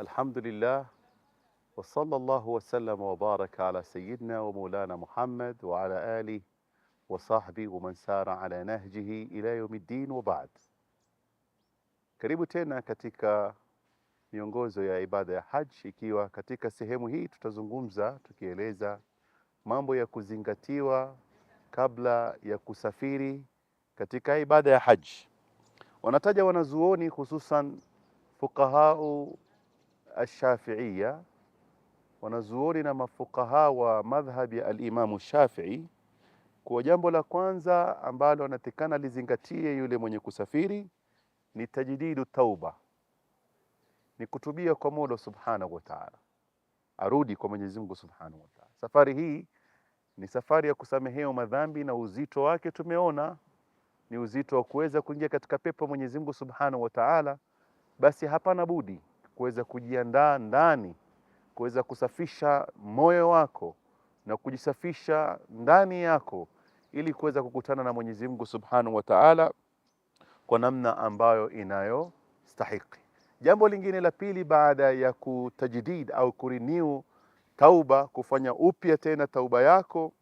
الحمد لله وصلى الله وسلم وبارك على سيدنا ومولانا محمد وعلى آله وصحبه ومن سار على nahjihi ila yaumiddin wa baad. Karibu tena katika miongozo ya ibada ya haji, ikiwa katika sehemu hii tutazungumza tukieleza mambo ya kuzingatiwa kabla ya kusafiri katika ibada ya haji. Wanataja wanazuoni hususan fuqahau Alshafiia, wanazuoni na mafukaha wa madhhabi ya Alimamu Shafii, kuwa jambo la kwanza ambalo anatekana lizingatie yule mwenye kusafiri ni tajdidu tauba, ni kutubia kwa Mola subhanahu wa taala, arudi kwa Mwenyezi Mungu subhanahu wa taala. Safari hii ni safari ya kusamehewa madhambi, na uzito wake tumeona ni uzito wa kuweza kuingia katika pepo Mwenyezi Mungu subhanahu wa taala. Basi hapana budi kuweza kujiandaa ndani, kuweza kusafisha moyo wako na kujisafisha ndani yako, ili kuweza kukutana na Mwenyezi Mungu Subhanahu wa Ta'ala kwa namna ambayo inayostahiki. Jambo lingine la pili, baada ya kutajdid au kurinew tauba, kufanya upya tena tauba yako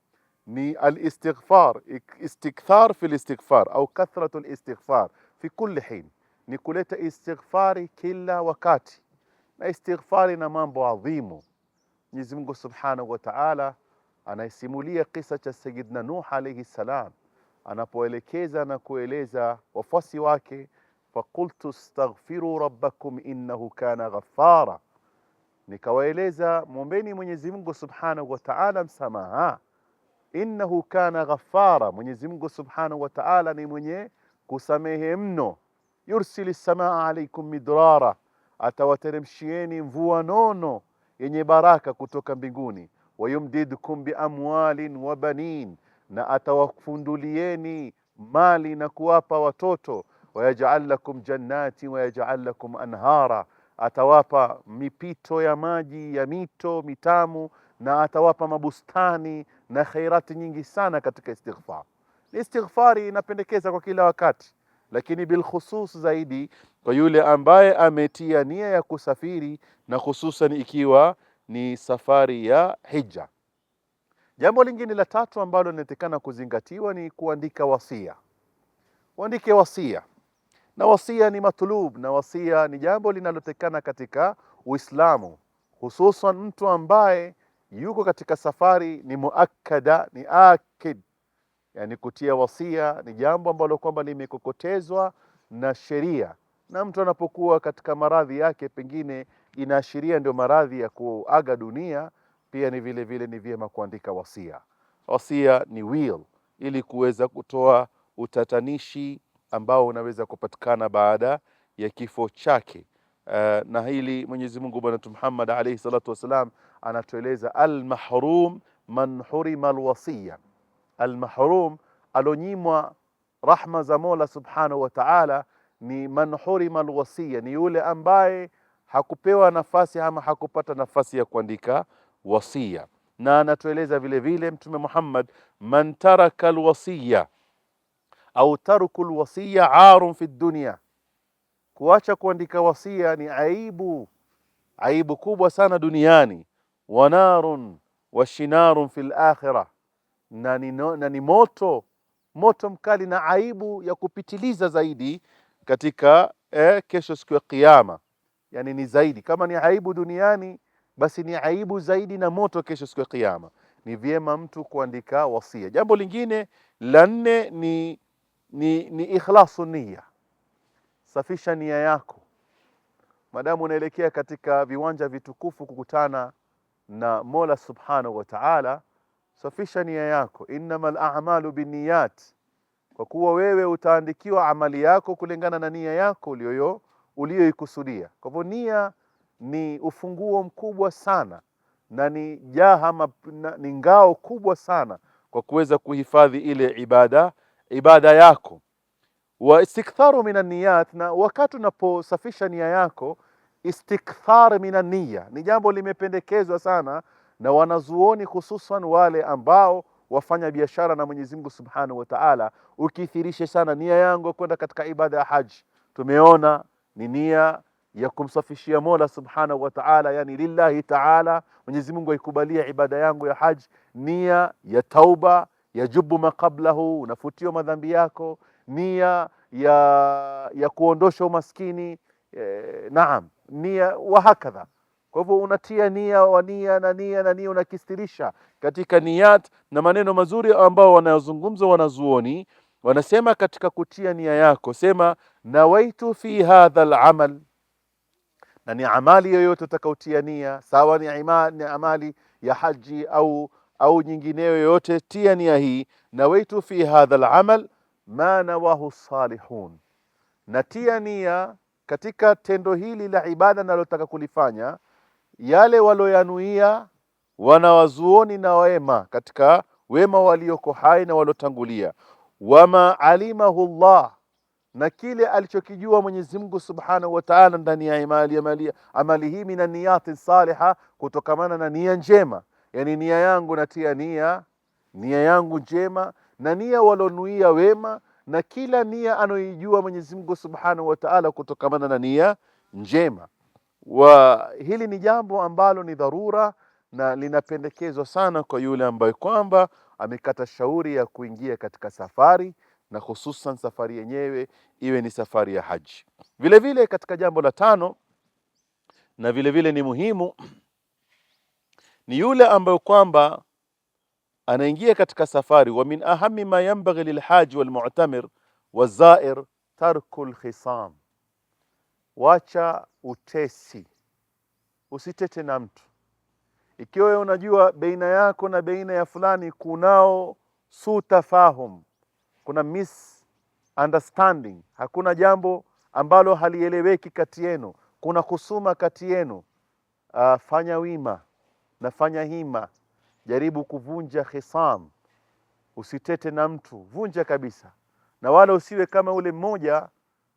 ni alistighfar, istikthar fi istighfar au kathratu istighfar fi kulli hin, ni kuleta istighfari kila wakati na istighfari na mambo adhimu. Mwenyezi Mungu Subhanahu wa Ta'ala anaisimulia kisa cha Sayyidina Nuh alayhi salam anapoelekeza na kueleza wafuasi wake, faqultu astaghfiru rabbakum innahu kana ghaffara, nikawaeleza mwombeni Mwenyezi Mungu Subhanahu wa Ta'ala msamaha, innahu kana ghaffara, Mwenyezi Mungu Subhanahu wa Ta'ala ni mwenye kusamehe mno, yursili samaa alaykum midrara atawateremshieni mvua nono yenye baraka kutoka mbinguni, wayumdidkum biamwalin wa banin, na atawafundulieni mali na kuwapa watoto. Wayajal lakum jannati wayajal lakum anhara, atawapa mipito ya maji ya mito mitamu, na atawapa mabustani na khairati nyingi sana katika istighfar. Istighfari inapendekeza kwa kila wakati lakini bilkhusus zaidi kwa yule ambaye ametia nia ya kusafiri na hususan ikiwa ni safari ya hija. Jambo lingine la tatu ambalo linatakana kuzingatiwa ni kuandika wasia. Uandike wasia, na wasia ni matulub, na wasia ni jambo linalotekana katika Uislamu, hususan mtu ambaye yuko katika safari ni muakkada, ni akid yani kutia wasia ni jambo ambalo kwamba limekokotezwa na sheria, na mtu anapokuwa katika maradhi yake, pengine inaashiria ndio maradhi ya kuaga dunia, pia ni vile vile ni vyema kuandika wasia. Wasia ni will, ili kuweza kutoa utatanishi ambao unaweza kupatikana baada ya kifo chake. Uh, na hili Mwenyezi Mungu Bwana Mtume Muhammad alayhi salatu wasalam anatueleza, almahrum man hurima alwasiya almahrum alonyimwa rahma za Mola subhanahu wa ta'ala ni man hurima alwasiya, ni yule ambaye hakupewa nafasi ama hakupata nafasi ya kuandika wasia. Na anatueleza vile vile Mtume Muhammad, man taraka alwasiya au taruku lwasiya arun fi dunya, kuacha kuandika wasia ni aibu, aibu kubwa sana duniani. Wanarun washinarun fi lakhira na ni, no, na ni moto moto mkali na aibu ya kupitiliza zaidi katika eh, kesho siku ya Kiyama. Yani ni zaidi, kama ni aibu duniani, basi ni aibu zaidi na moto kesho siku ya Kiyama. Ni vyema mtu kuandika wasia. Jambo lingine la nne ni, ni, ni ikhlasu nia, safisha nia yako madamu unaelekea katika viwanja vitukufu kukutana na Mola subhanahu wa taala safisha nia yako, al a'malu binniyat, kwa kuwa wewe utaandikiwa amali yako kulingana na nia yako uliyoyo uliyoikusudia. Kwa hivyo nia ni ufunguo mkubwa sana na ni jaha ni ngao kubwa sana kwa kuweza kuhifadhi ile ibada ibada yako. Wa istiktharu minan niyat, na wakati unaposafisha nia yako, istikthar minan niyya ni jambo limependekezwa sana na wanazuoni hususan wale ambao wafanya biashara na Mwenyezi Mungu Subhanahu wa Ta'ala, ukithirishe sana nia yangu kwenda katika ibada ya haji. Tumeona ni nia ya kumsafishia Mola Subhanahu wa Ta'ala, yani lillahi ta'ala, Mwenyezi Mungu aikubalia ibada yangu ya haji. Nia ya tauba ya jubu makablahu, unafutiwa madhambi yako. Nia ya, ya kuondosha umaskini eh, naam, nia wahakadha kwa hivyo unatia nia wa nia na nia na nia, unakistirisha katika niyat na maneno mazuri ambao wanayozungumza wanazuoni wanasema katika kutia nia yako, sema nawaitu fi hadha alamal, na ni amali yoyote utakaotia nia, sawa ni, ima, ni amali ya haji au au nyingineyo yoyote, tia nia hii, nawaitu fi hadha alamal ma nawahu salihun, natia nia katika tendo hili la ibada nalotaka kulifanya yale waloyanuia wanawazuoni na wema katika wema walioko hai na waliotangulia, wama alimahu Allah, na kile alichokijua Mwenyezi Mungu Subhanahu wa Ta'ala ndani ya amali, amali hii mina niyati saliha, kutokamana na nia njema. Yani nia yangu natia nia nia yangu njema na nia walonuia wema na kila nia anayoijua Mwenyezi Mungu Subhanahu wa Ta'ala kutokamana na nia njema wa hili ni jambo ambalo ni dharura na linapendekezwa sana kwa yule ambaye kwamba amekata shauri ya kuingia katika safari na hususan safari yenyewe iwe ni safari ya haji. Vile vile katika jambo la tano na vile vile ni muhimu ni yule ambaye kwamba anaingia katika safari, wa min ahami ma yanbaghi lilhaji walmu'tamir wazair tarku lkhisam Wacha utesi, usitete na mtu. Ikiwa wewe unajua baina yako na baina ya fulani kunao su tafahum, kuna understanding, hakuna jambo ambalo halieleweki kati yenu, kuna kusuma kati yenu, uh, fanya wima na fanya hima, jaribu kuvunja khisam. Usitete na mtu, vunja kabisa, na wala usiwe kama ule mmoja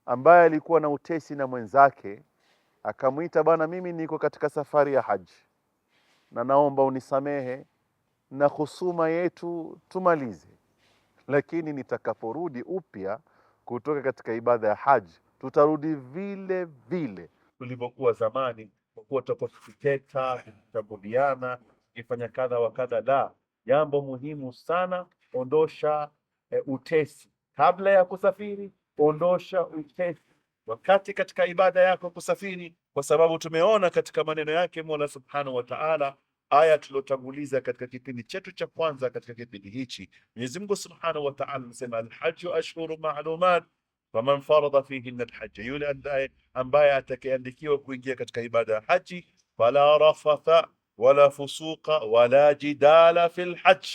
ambaye alikuwa na utesi na mwenzake, akamwita, bwana, mimi niko katika safari ya haji na naomba unisamehe na husuma yetu tumalize, lakini nitakaporudi upya kutoka katika ibada ya haji tutarudi vile vile tulivyokuwa zamani, kwa kuwa tutakuwa tukiteta, tukitambuliana, tukifanya kadha wa kadha. La, jambo muhimu sana, ondosha e, utesi kabla ya kusafiri kuondosha upefu wakati katika ibada yako kusafiri, kwa sababu tumeona katika maneno yake Mola Subhanahu wa Ta'ala, aya tuliotanguliza katika kipindi chetu cha kwanza katika kipindi hichi, Mwenyezi Mungu Subhanahu wa Ta'ala anasema alhajju ashhuru ma'lumat faman farada fihinna alhajj, yule ambaye atakayeandikiwa kuingia katika ibada ya haji, fala rafatha wala fusuqa wala jidala fil hajj,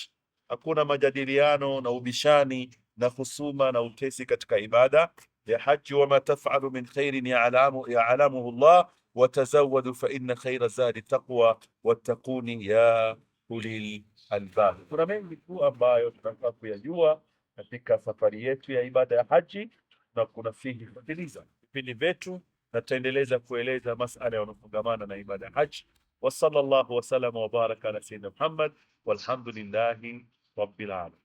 hakuna majadiliano na ubishani na husuma na utesi katika ibada ya haji. Wama tafalu min khairin yaalamuhu Allah watazawadu fa inna khaira zadi taqwa wattaquni ya ulil albab. Kuna mengi tu ambayo tunataka kuyajua katika safari yetu ya ibada ya haji, na kuna fihi fadiliza vipindi vyetu na tutaendeleza kueleza masala yanayofungamana na ibada ya haji. Wa sallallahu wa sallama wa baraka ala sayyidina Muhammad walhamdulillahi rabbil alamin.